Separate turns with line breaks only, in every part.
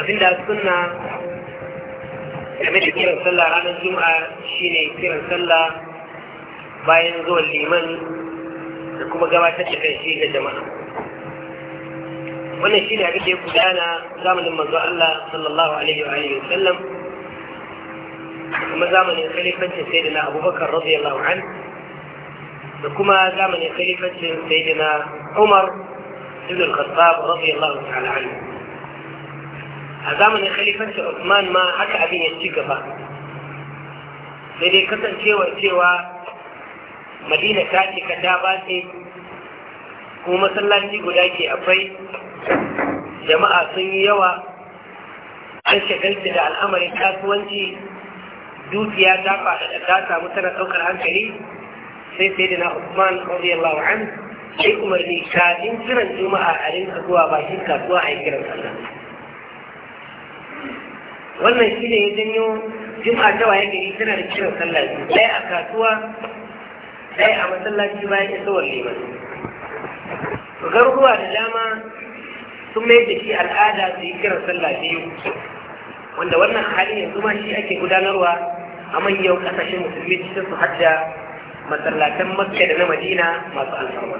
أبدا أتكلم كما يجب أن صلى على الجمعة الشيني يجب أن صلى باين ذو الليمان لكم قوى تتفين شيء لجمعة وأن الشيني أقول لكم دعنا زامن من ذو الله صلى الله عليه وآله وسلم كما زامن الخليفة سيدنا أبو بكر رضي الله عنه وكما زامن الخليفة سيدنا عمر ابن الخطاب رضي الله تعالى عنه a zamanin khalifanci Usman ma haka abin ya ci gaba sai dai kasancewar cewa madina ta ce ka ta ce, kuma masallaci guda ke akwai jama'a sun yi yawa an shagalci da al'amarin kasuwanci dukiya ta faɗaɗa ta samu tana ɗaukar hankali sai sai da na Usman radiyallahu an sai umarni kafin kiran juma'a a rinka zuwa bakin kasuwa a yi kiran wannan shi ne ya janyo juma'a ta waye gari tana da kiran sallah ɗaya a kasuwa ɗaya a masallaci bayan tsawon liman garuruwa da dama sun mai da shi al'ada su yi kiran sallah biyu wanda wannan halin yanzu ma shi ake gudanarwa a manyan ƙasashen musulmi cikin su hajja, masallatan makka da na madina masu alfarma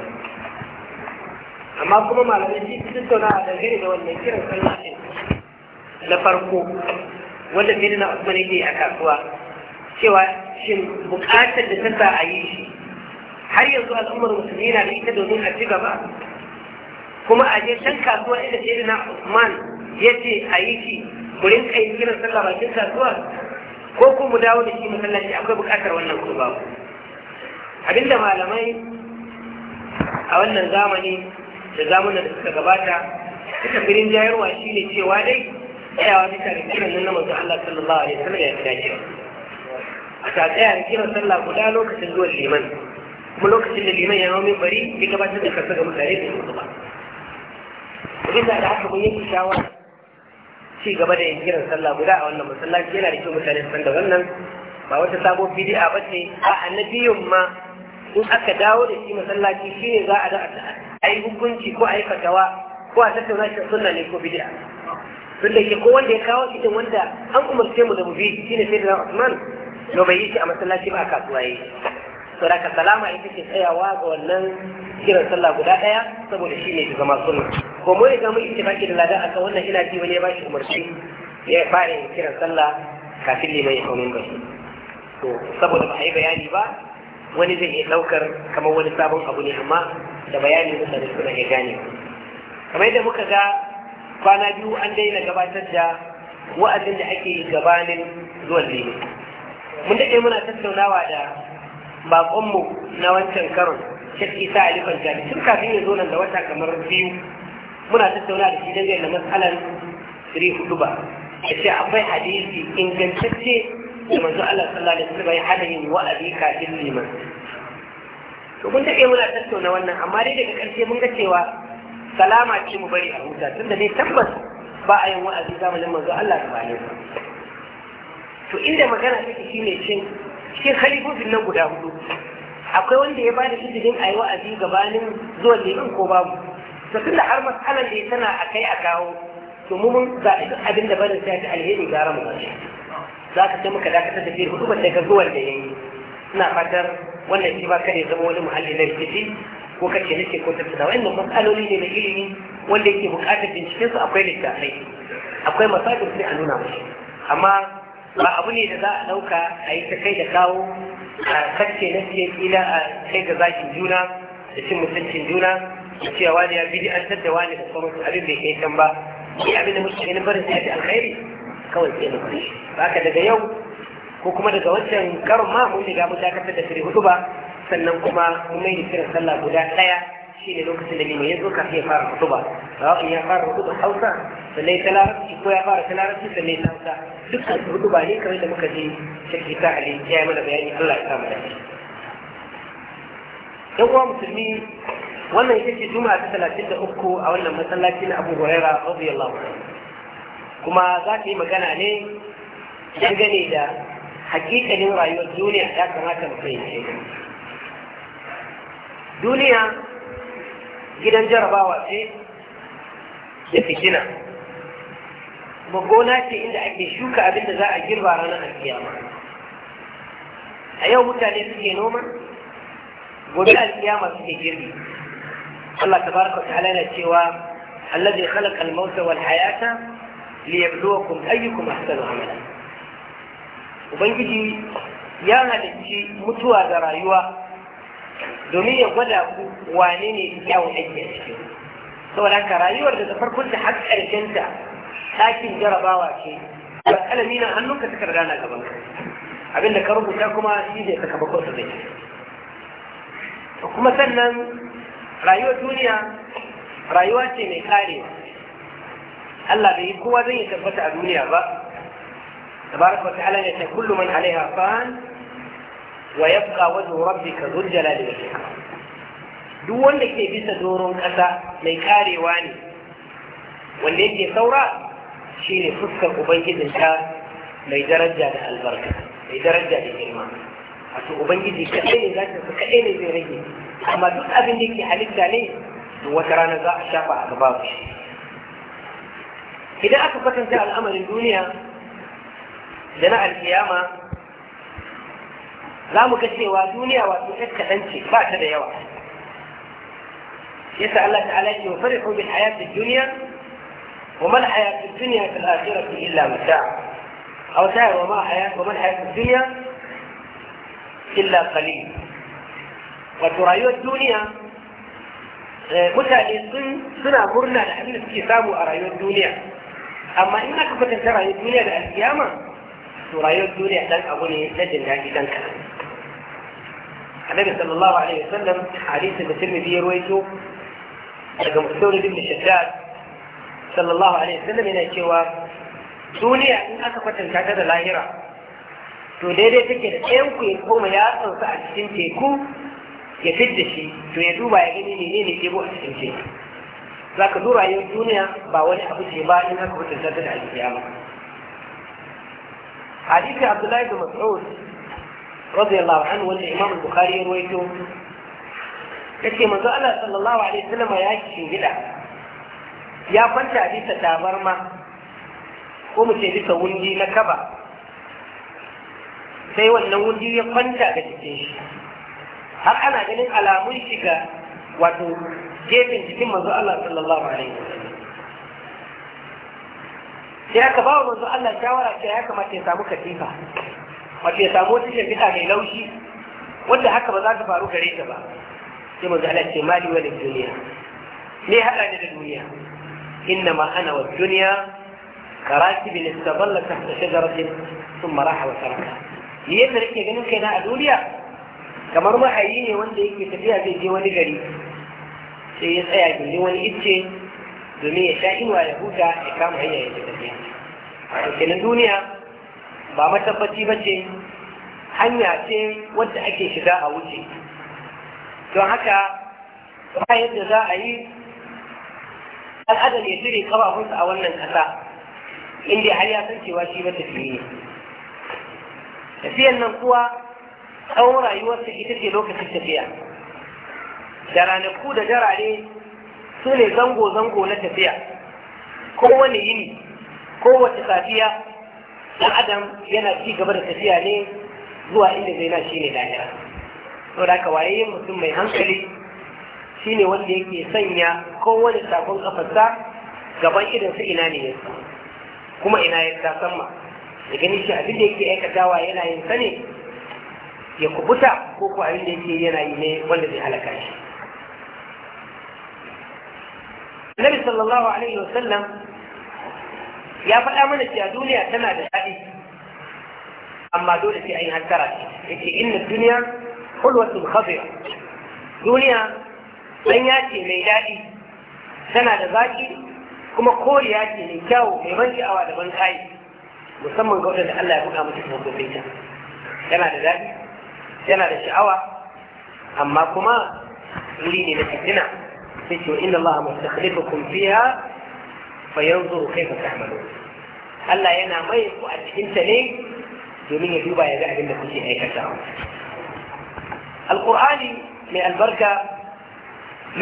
amma kuma malamai shi tattauna a dangane da wannan kiran sallah na farko wanda sai na Usman yake a kasuwa cewa shin bukatar da ta a yi shi har yanzu al'ummar musulmi na da ita domin a ci gaba kuma a je can kasuwa inda sai na Usman ya ce a yi shi ku rinka kiran sallah bakin kasuwa ko mu dawo da shi masallaci akwai bukatar wannan kurba abinda malamai a wannan zamani da zamanin da suka gabata suka firin jayarwa shine cewa dai tsayawa bisa ga kiran nan na manzo Allah sallallahu alaihi wasallam ya tsaya shi a ta tsaya da kiran sallah guda lokacin zuwan liman kuma lokacin da liman ya nomi bari ya gabatar da kasa ga mutane da su ba bisa da haka mun yi shawara ci gaba da yin kiran sallah guda a wannan masallaci yana da kyau mutane su san da wannan ba wata sabon bid'a ba ce a annabiyun ma in aka dawo da shi masallaci shine za a da a yi hukunci ko a yi fatawa ko a tattauna shi sunna ne ko bid'a tunda ke ko wanda ya kawo ita wanda an umarce mu da mu bi shine sai da Usman no bai yi shi a masallaci ba a kasuwa yi to da salama ita ce tsayawa ga wannan kiran sallah guda daya saboda shine ya zama sunna ko mu riga ita baki da ladan aka wannan ina ji wani ya bashi umarci ya fara kiran sallah kafin liman ya kawo ba to saboda ba a yi bayani ba wani zai iya daukar kamar wani sabon abu ne amma da bayani mutane suna ya gane kamar yadda muka ga kwana biyu an daina gabatar da wa'azin da ake gabanin zuwan lemu mun daɗe muna tattaunawa da baƙonmu na wancan karon shek isa ali kwanciya tun kafin ya zo nan da wata kamar biyu muna tattaunawa da shi dangane da matsalar ri hudu ba ya ce akwai hadisi ingantacce da manzo Allah sallallahu alaihi wasallam ya hada yin wa'azi kafin liman to mun daɗe muna tattaunawa wannan amma dai daga ƙarshe mun ga cewa salama ce mu bari a huta da dai tabbas ba a yin wa'azi za mu zama zuwa Allah da bane to inda magana take shine cin cikin halifofin nan guda hudu akwai wanda ya bada izinin a yi wa'azi gabanin zuwa lemin ko babu to da har matsalar da tana a kai a kawo to mu mun ga duk abin da barin sai alheri gara mu bashi za ka ce muka dakatar da fiye hudu ba daga zuwa da ya yi ina fatar wannan shi ba kare zama wani muhalli na rikici وكانت جنسي كنت بسدها وإنه بس قالوا لي لي مجيلي مين واللي إنتي مكاتب بنتي كنت أقويل التأخي أقويل مصائب بسي أنونا مش أما ما أقولي إذا لوك أي سكيدة كاو كتشي نسي إلى سيدة زي جنجونا اسم مسلم جنجونا وشي أواني أبيدي أشد دواني بصورة أبيب لي كيسا با يا ابن المسلم إن برد هذه الخيري كوي سيدة مريش فأكد دا يوم كوكما دا زوجة انكرم ما sannan kuma kuma yi kiran sallah guda ɗaya shi ne lokacin da liman ya zo kafin ya fara hutuba sawa'in ya fara hutuba hausa sannan ta larabci ko ya fara ta larabci sannan ta hausa dukkan su hutuba ne kamar da muka je shirki ta ali ya yi mana bayani allah ya samu dace yan uwa musulmi wannan ita ce juma'a ta talatin da uku a wannan masallaci na abu huraira radiyallahu anhu kuma za ta yi magana ne dangane da hakikalin rayuwar duniya ya kamata mu fahimce duniya gidan jarabawa ce da fitina kuma gona ce inda ake shuka abin da za a girba ranar alkiyama a yau mutane suke noma gobe alkiyama suke girbi Allah ta wa ta'ala yana cewa الذي خلق الموت والحياة ليبلوكم أيكم أحسن Ubangiji ya يا mutuwa da rayuwa. domin ya gwada ku wane ne kyawun aiki a cikin saboda haka rayuwar da farkon ta har ƙarshen ta ɗakin jarabawa ce ba kalami na hannunka ta karda na gaban ka abinda ka rubuta kuma shi ne sakamakon su zai kuma sannan rayuwar duniya rayuwa ce mai ƙarewa. Allah bai yi kowa zai yi tabbata a duniya ba tabaraka wa ta'ala ya ta kullu man alaiha ويبقى وجه ربك ذو الجلال والإكرام duk wanda ke bisa doron ƙasa mai karewa ne wanda yake saura shi ne fuskar ubangijin ta mai daraja da albarka mai daraja da girma wato ubangiji kaɗai ne za ta su kaɗai ne zai rage amma duk abin da ke halitta ne wata rana za a shafa a gaba shi idan aka kwatanta al'amarin duniya da na alkiyama za mu ga cewa duniya wato ɗan kaɗan ce ba ta da yawa yasa Allah ta'ala ce wa farihu bil hayatid dunya wa mal hayatid dunya fil akhirati illa mata' aw ta'ala wa ma hayat wa mal hayatid dunya illa qalil wato rayuwar duniya mutane suna murna da abin da suke samu a rayuwar duniya amma in aka kwatanta rayuwar duniya da alkiyama to rayuwar duniya dan abu ne na jin daɗi dan kaɗan annabi sallallahu alaihi wasallam hadisi da tirmidhi ya ruwaito daga musauri bin shaddad sallallahu alaihi wasallam yana cewa duniya in aka kwatanta ta da lahira to daidai take da ɗayan ku ya koma ya tsansa a cikin teku ya fidda shi to ya duba ya gani ne ne teku a cikin teku za ka duba yau duniya ba wani abu ce ba in aka kwatanta ta da alkiyama hadisi abdullahi bin mas'ud رضي الله عنه imam البخاري bukhari ya rawaito yace Allah sallallahu alaihi wasallam ya kishin gida ya kwanta a bisa tabarma ko ce bisa wundi na kaba sai wannan wundi ya kwanta ga jikin shi har ana ganin alamun shiga wato gefen jikin manzo Allah sallallahu alaihi ba wa manzo Allah shawara cewa ya kamata ya samu katifa mace ya samu wata shimfiɗa mai laushi wanda haka ba za ta faru gare ta ba sai manzo Allah ce mali wa duniya ne hada ni da duniya inna ma ana wa duniya karatib istadalla tahta shajaratin thumma raha wa taraka ni yadda nake ganin kaina a duniya kamar mahayi ne wanda yake tafiya zai je wani gari sai ya tsaya gindin wani icce domin ya sha inuwa ya huta ya kama hanya ya tafiya a cikin duniya ba matabbaci ba ce hanya ce wadda ake shiga a wuce don haka ba yadda za a yi al'adar ya cire kafafunsa a wannan kasa inda har ya san cewa shi matafiye ne tafiyan nan kuwa tsawon rayuwarsa ita ce lokacin tafiya da ranaku da jarare su ne zango-zango na tafiya kowane yini kowace safiya dan adam yana ci gaba da tafiya ne zuwa inda zai na shine lahira to da ka waye mutum mai hankali shine wanda yake sanya kowane sakon kafarsa gaban idan sa ina ne yasa kuma ina ya tasan ma da gani shi abin da yake aikatawa yana yin sa ne ya kubuta ko ko abin da yake yana yi ne wanda zai halaka shi Nabi sallallahu alaihi wasallam يا فقا منك يا دنيا تنا بالحدي أما دولة في أين هالترك إن الدنيا حلوة خضرة دنيا من يأتي ميلادي سنة لذاتي كما قول يأتي من جاو ميمنك أو على من خايف مسمى قولة لألا يكون أمو تسمى قبيتا سنة لذاتي سنة لشعوة أما كما قوليني نتي سنة إن الله مستخلفكم فيها fayanzuru kaifa ta'malu Allah yana mai ku a cikin ta ne domin ya duba ya ga abin da kuke al alqur'ani mai albarka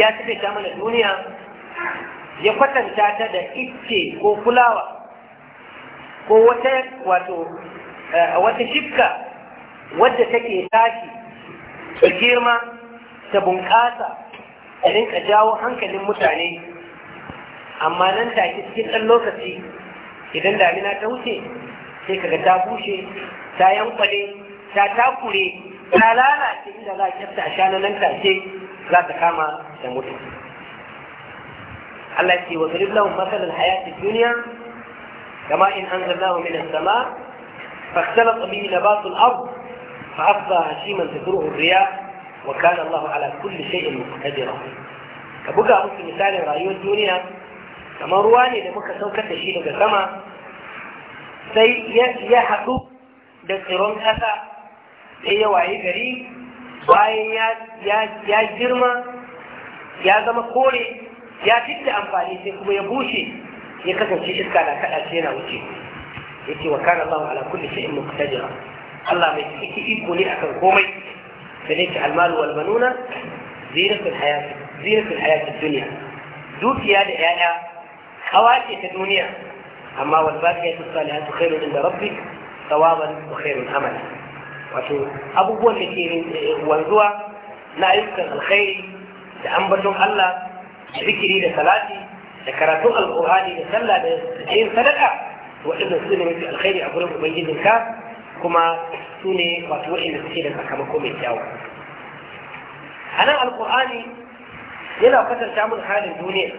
ya tafi ta mana duniya ya kwatanta ta da icce ko fulawa ko wata wato wata shifka wadda take tashi ta girma ta bunƙasa ta rinka jawo hankalin mutane أما نن تأتي تكين اللوكة تي إذن دعينا تهوتي تيك غتابوشي تايان قلي تاتاكولي تالالا تي إذا لا يكفت عشان نن تأتي لا تقام تموت الله تي وضرب لهم مثل الحياة الدنيا كما إن أنزلناه من السماء فاختلط به نبات الأرض فأفضى هشيما تدروه الرياح وكان الله على كل شيء مقتدرا. أبوك أبوك مثال رأيه الدنيا kamar ruwa ne da muka saukar da shi daga sama sai ya haɗu da tsiron ƙasa sai ya waye gari bayan ya girma ya zama kore ya fitta amfani sai kuma ya bushe ya kasance iska na kaɗa ce yana wuce ya ce wa kana Allah ala in shay'in tajira Allah mai ciki iko ne akan komai da ne ce almalu wal banuna zinatul hayati duniya dukiya da 'ya'ya حواشي في الدنيا أما والباقية الصالحات خير عند ربك صوابا وخير أملا وفي أبو بول التي وزوا لا يذكر الخير لأنبتم الله ذكري لثلاثي لكراتو القرآن لسلا لسلا لسلا وإذن سلم في الخير أقول لكم بيجيز الكاف كما سوني وتوحي نسيلا أكمكم الجاوة أنا القرآن يلا فتر تعمل حال الدنيا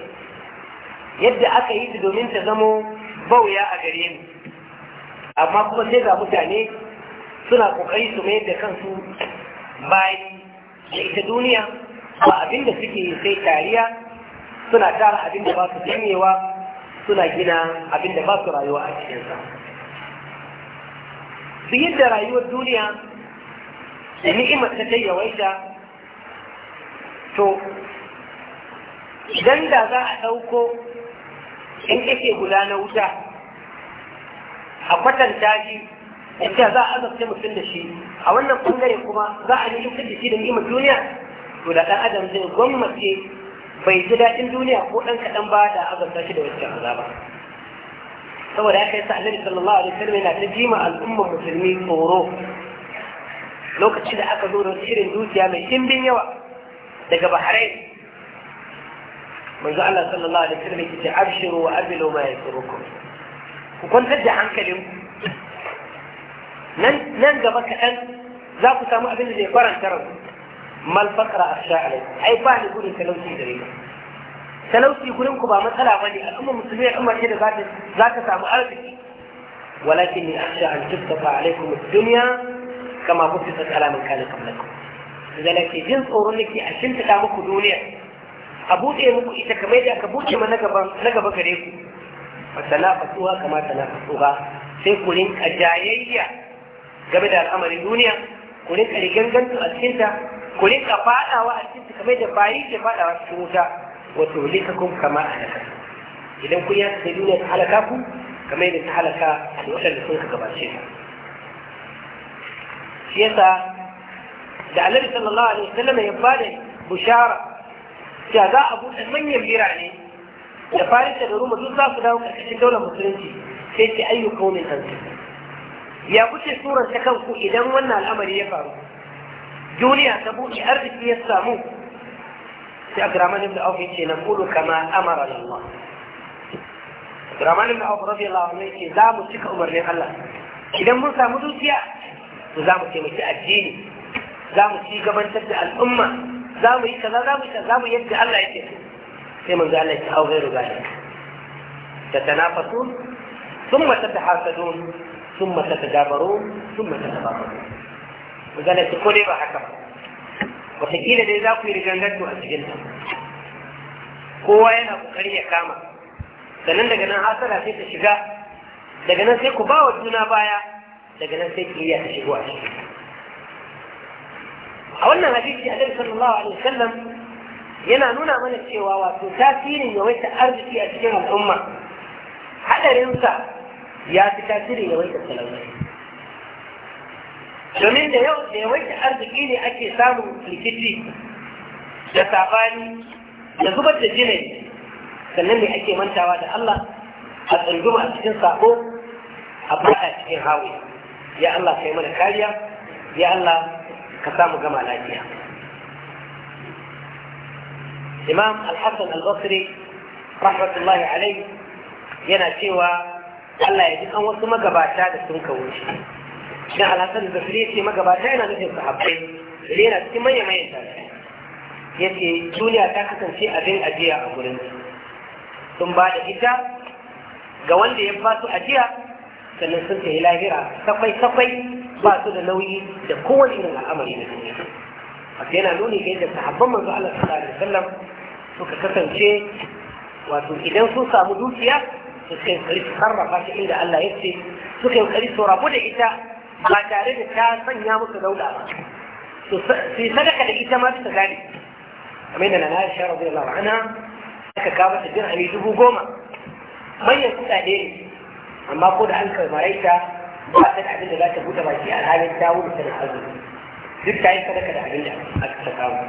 yadda aka yi domin ta zamo bauya a gare ni, amma kuma sai ga mutane suna kokari su mayar da kansu bayan da ita duniya ba abinda suke sai tariya suna tara abinda ba su janyewa suna gina abinda ba su rayuwa a cikinsa su da rayuwar duniya da ni'imar ta ta yawaita to idan da za a ɗauko in kake kula na wuta a kwatanta shi ce za a azabta mutum da shi a wannan bangare kuma za a nemi da shi da nima duniya to da ɗan adam zai gwammace bai ji daɗin duniya ko ɗan kaɗan ba da azabta shi da wancan azaba saboda ya kai sa annabi sallallahu alaihi wasallam yana ta jima al'ummar musulmi tsoro lokacin da aka zo da shirin dukiya mai dimbin yawa daga bahrain وجعل صلى الله عليه وسلم تتعبشروا وأبلوا ما يذكركم وكون فجع عن كلمة نن بك أن ذاك سامع بن ذي قرن ترد ما الفقر أخشى عليك أي فاهم يقول أنت لو تدري سلو يقول لكم ما تلا غني الأم المسلمية أم كذا ذات ذات سامع ألفي ولكني أخشى أن تفتح عليكم الدنيا كما فتحت على من كان قبلكم لذلك جنس أورنكي أشنت كامو كدونيه a buɗe muku ita kamar yadda aka buɗe ma na gaba gare ku fasala fasuwa kama tana fasuwa sai ku rinka jayayya game da al'amarin duniya ku rinka rigangantu a cikinta ku rinka faɗawa a cikinta kamar yadda bayi ke faɗawa cikin wuta wato likakun kama a naka idan kun yaka sai duniya ta halaka ku kamar yadda ta halaka da waɗanda sun ka gabace ta shi yasa da annabi sallallahu alaihi wasallam ya bada bushara cewa za a buɗe manyan birane da faris da roma duk za su dawo ƙarƙashin daular musulunci sai ce ayyuka min hansu ya kuce surar ta kanku idan wannan al'amari ya faru duniya ta buɗe arziki ya samu sai abdurrahman ibn auf yace na kudu kama amara Allah abdurrahman ibn auf radiyallahu anhu yace za mu cika umarnin Allah idan mun samu dukiya to za mu taimaki addini za mu ci gabantar da al'umma za mu yi kaza za mu yi kaza mu yadda Allah yake sai manzo Allah ya hau gairu gani tatanafasu thumma tatahasadun thumma tatadabarun thumma tatafakarun manzo Allah ya ko dai ba haka ba wataƙila dai za ku yi rigangantu a cikin ta kowa yana kokari ya kama sannan daga nan hasara sai ta shiga daga nan sai ku ba wa juna baya daga nan sai kiliya ta shigo a cikin أولنا هديث في حديث صلى الله عليه وسلم ينانونا من السيواوات وتاثير يويت أرض في أسجن الأمة حتى ينسى يا تاثير يويت السلام عليكم جميل يويت أرض كيني أكي سامو في كتري جساباني يزبط الجنة سلمي أكي من تواد الله قد انجم أسجن صاحبه أبرأ أسجن هاوي يا الله سيمنا كاليا يا الله ka samu gama lafiya imam al-hassan al-basri rahmatullahi alaihi yana cewa Allah ya ji an wasu magabata da sun kawo shi dan al-hassan al-basri ce magabata yana nufin sahabbai da yana cikin manyan manyan tafiya ce duniya ta kasance abin ajiya a gurin sun ba da ita ga wanda ya ba su ajiya sannan sun yi lahira kafai kafai ba su da nauyi da kowane irin al'amari na duniya wato yana nuni ga yadda sahabban manzo Allah sallallahu alaihi wasallam suka kasance wato idan sun samu dukiya su kai kari su sarrafa shi inda Allah ya ce su kai kari su rabu da ita ba tare da ta sanya musu dauda ba su yi sadaka da ita ma su gane kamar yadda na Aisha radiyallahu anha aka kawo ta dirhami dubu goma manyan kuɗaɗe ne amma ko da hankali karɓa ta ba ta da abin da za ta buɗe baki a halin dawo da sanar azumi duk ta yi sadaka da abin da aka ta kawo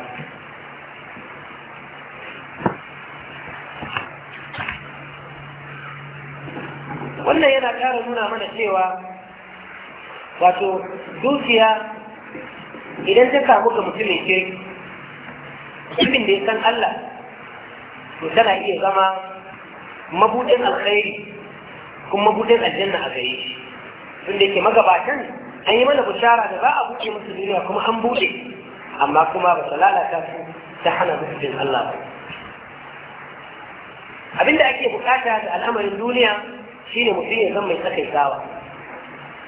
wannan yana ƙara nuna mana cewa wato dukiya idan ta kamu ga mutumin kirki mutumin da ya san Allah to tana iya zama mabuɗin alkhairi kuma mabuɗin aljanna a gare shi tun da yake magabatan an yi mana bishara da za a buɗe musu duniya kuma an buɗe amma kuma ba su lalata su ta hana musu bin Allah ba abinda ake bukata da al'amarin duniya shine mutum ya zama mai tsakaitawa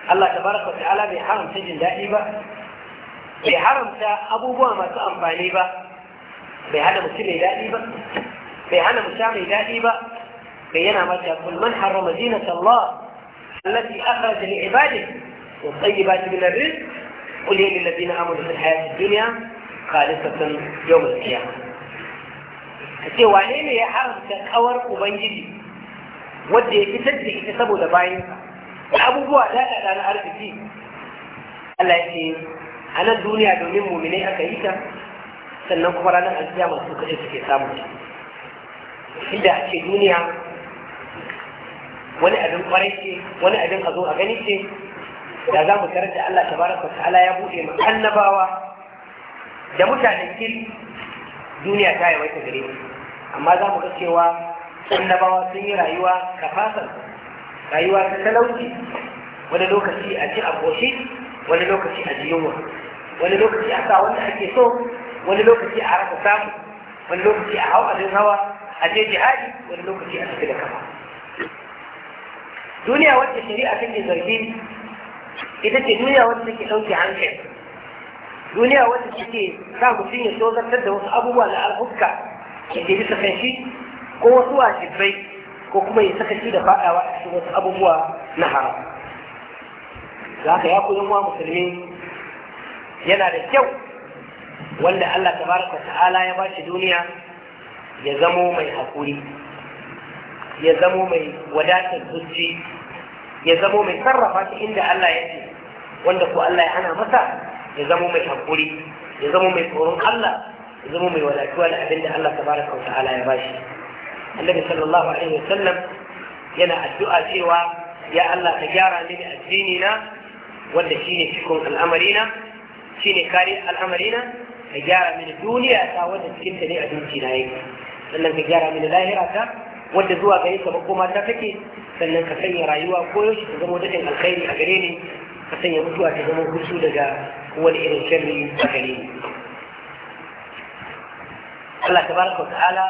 Allah tabaraka wa ta'ala bai haramta jin daɗi ba bai haramta abubuwa masu amfani ba bai hana mutum mai daɗi ba bai hana mutum mai daɗi ba bai yana mata kul man harrama zinata Allah التي أخرج لعباده والطيبات من الرزق قل هي للذين آمنوا في الحياة الدنيا خالصة يوم القيامة سوالين يا حرم كأور أبنجدي ودي يتسدي يتسبو دباين أبو لا لا أنا أعرف فيه الله يسين أنا الدنيا دوني مؤمنين أكيدا سنقفر أنا القيامة سوك إذا كتابه إذا أكيد دنيا wani abin kwarai ce wani abin a zo a gani ce da za mu tarar da Allah Ta tabaraka ta'ala ya buɗe mu annabawa da mutanen kiri duniya ta yi waita gare amma za mu ga cewa annabawa sun yi rayuwa kafasan rayuwa ta talauci wani lokaci a ci aboshi wani lokaci a jiyuwa, wani lokaci a sa wanda ake so wani lokaci a rasa samu wani lokaci a hau abin hawa a je jihadi wani lokaci a tafi da kafa duniya wacce shari'a take zargi ita ce duniya wacce take ɗauke hankali duniya wacce take sa mutum ya tozartar da wasu abubuwa na al'ukka da ke bisa kan shi ko wasu wajibai ko kuma ya saka shi da faɗawa a cikin wasu abubuwa na haram Za ka ya koyi wa musulmi yana da kyau wanda Allah tabaraka ta'ala ya bashi duniya ya zamo mai haƙuri ya zamo mai wadatar zuci ya zamo mai sarrafa shi inda Allah ya ce wanda ko Allah ya hana masa ya zamo mai hakuri ya zamo mai tsoron Allah ya zamo mai wadatuwa da abin da Allah baraka wa ta'ala ya bashi annabi sallallahu alaihi wa sallam yana addu'a cewa ya Allah ka gyara mini addini na wanda shine cikin al'amarina shine kare al'amarina ka gyara mini duniya ta wanda cikin ta ne abinci na yake sannan ka gyara mini lahira ta wanda zuwa gare ka ko mata take sannan ka sanya rayuwa ko yaushe ta zama dadin alkhairi a gare ni ka sanya mutuwa ta zama hutu daga wani irin sharri a gare ni Allah tabaraka wa ta'ala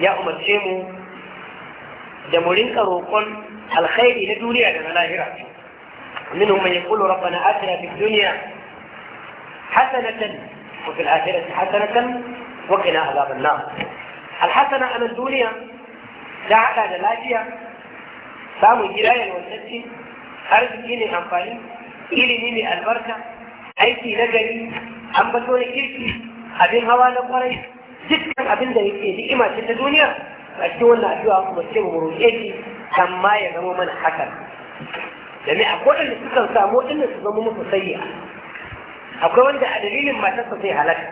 ya umarce mu da mu rinka roƙon alkhairi na duniya da na lahira منهم من يقول ربنا آتنا في الدنيا حسنة وفي الآخرة حسنة وقنا عذاب النار الحسنة على الدنيا ta haɗa da lafiya samun gida ya har arziki ne amfani ilimi mai albarka aiki na gari an bato na kirki abin hawa na kwarai dukkan abin da yake ni'ima ce ta duniya a cikin wannan addu'a kuma ce mu roƙe ki ma ya zama mana haka. da domin akwai wanda suka samu waɗanda su zama musu sayya akwai wanda a dalilin su zai halaka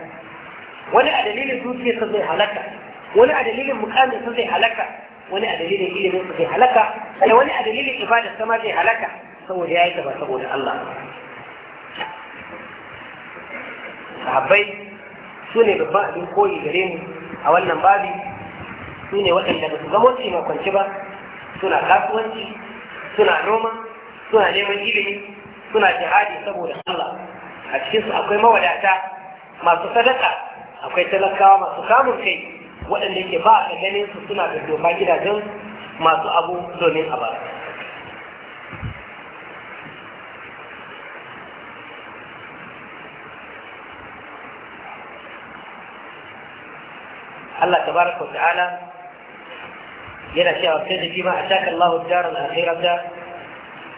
wani a dalilin su zai halaka wani a dalilin mukamin su zai halaka wani a dalilin ilimin su zai halaka sai wani a dalilin ibadar sama zai halaka saboda ya yi ta ba saboda Allah sahabbai su ne babban abin koyi gare mu a wannan babi su ne waɗanda ba su zama su makwanci ba suna kasuwanci suna noma suna neman ilimi suna jihadi saboda Allah a cikinsu akwai mawadata masu sadaka akwai talakawa masu kamun kai waɗanda ke ba a ganin su suna da doka gidajen masu abu domin a bara Allah tabaraka wa ta'ala yana cewa sai da jima a shakar Allah jarar wala da al'akhirata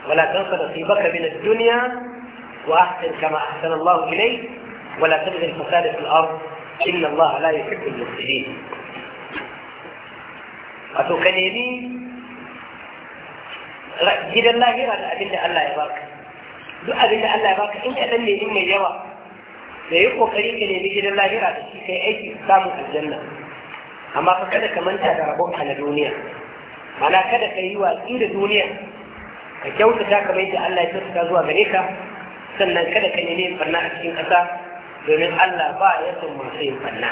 ولا تنس نصيبك من الدنيا وأحسن كما أحسن الله إليك ولا تبغي الفساد في الأرض Allah la لا يحب المفسدين wato ka nemi gidan lahira da abin da Allah ya baka duk abin da Allah ya baka in kaɗan ne in mai yawa da yi kokari ka nemi gidan lahira da shi kai aiki samun aljanna amma fa kada ka manta da rabonka na duniya mana kada ka yi watsi da duniya ka kyautata kamar yadda Allah ya kyautata zuwa gare ka sannan kada ka nemi farna a cikin ƙasa domin Allah ba ya son masu yin farna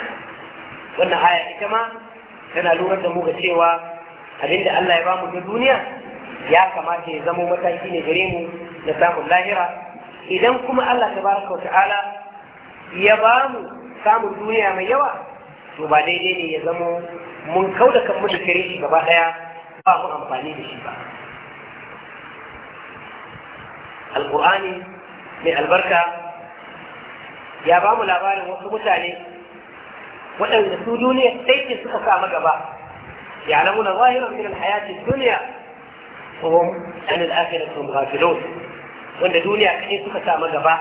wannan aya ita ma Kana lura da mu ga cewa abinda Allah ya bamu ta duniya ya kamata ya zamo mataki ne gare mu da samun lahira idan kuma Allah Ta wa ta'ala ya bamu samun duniya mai yawa to ba daidai ne ya zamo mun kau da kanmu da kare shi gaba daya ba mu amfani da shi ba alƙur'ani mai albarka ya bamu labarin wasu mutane وإن سودوني سيتي سكفاء مجبا يعلمون ظاهرا من الحياة الدنيا وهم عن الآخرة هم غافلون وإن دوني أكيد سكفاء مجبا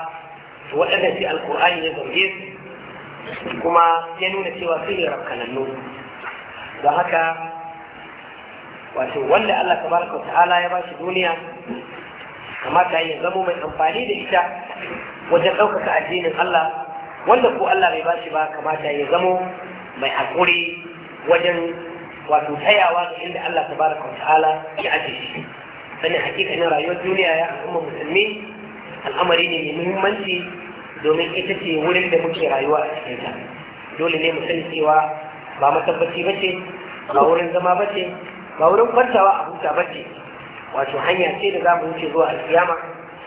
وإن في القرآن يظهر إذ كما ينون في وصيل ربنا النور وهكا وأن ولا الله تبارك وتعالى يا باشي دنيا كما كان يغمو من أنفالي لإشاء وجدوك كأجين الله wanda ko Allah bai bashi ba kamata ya zamo mai haƙuri wajen wato tayawa ga inda Allah tabaraka wa ta'ala ya aje shi sanin na rayuwar duniya ya al'umma musulmi al'amari ne mai muhimmanci domin ita ce wurin da muke rayuwa a cikin ta dole ne mu sani cewa ba matabbaci ba ce ba wurin zama ba ce ba wurin kwantawa a huta ba ce wato hanya ce da za mu wuce zuwa alkiyama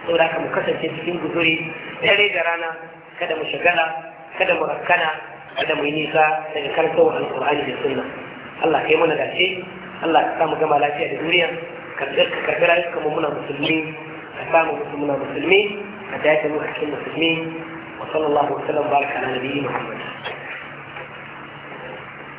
saboda haka mu kasance cikin guzuri dare da rana kada mu shagala kada mu rakkana kada mu yi nisa daga karkawar alƙur'ani da sunna Allah kai mana dace Allah ka samu gama lafiya da duniya ka karbi rayuka mu muna musulmi ka samu muna musulmi ka dace mu a cikin musulmi wa sallallahu alaihi wa sallam baraka ala nabiyyi Muhammad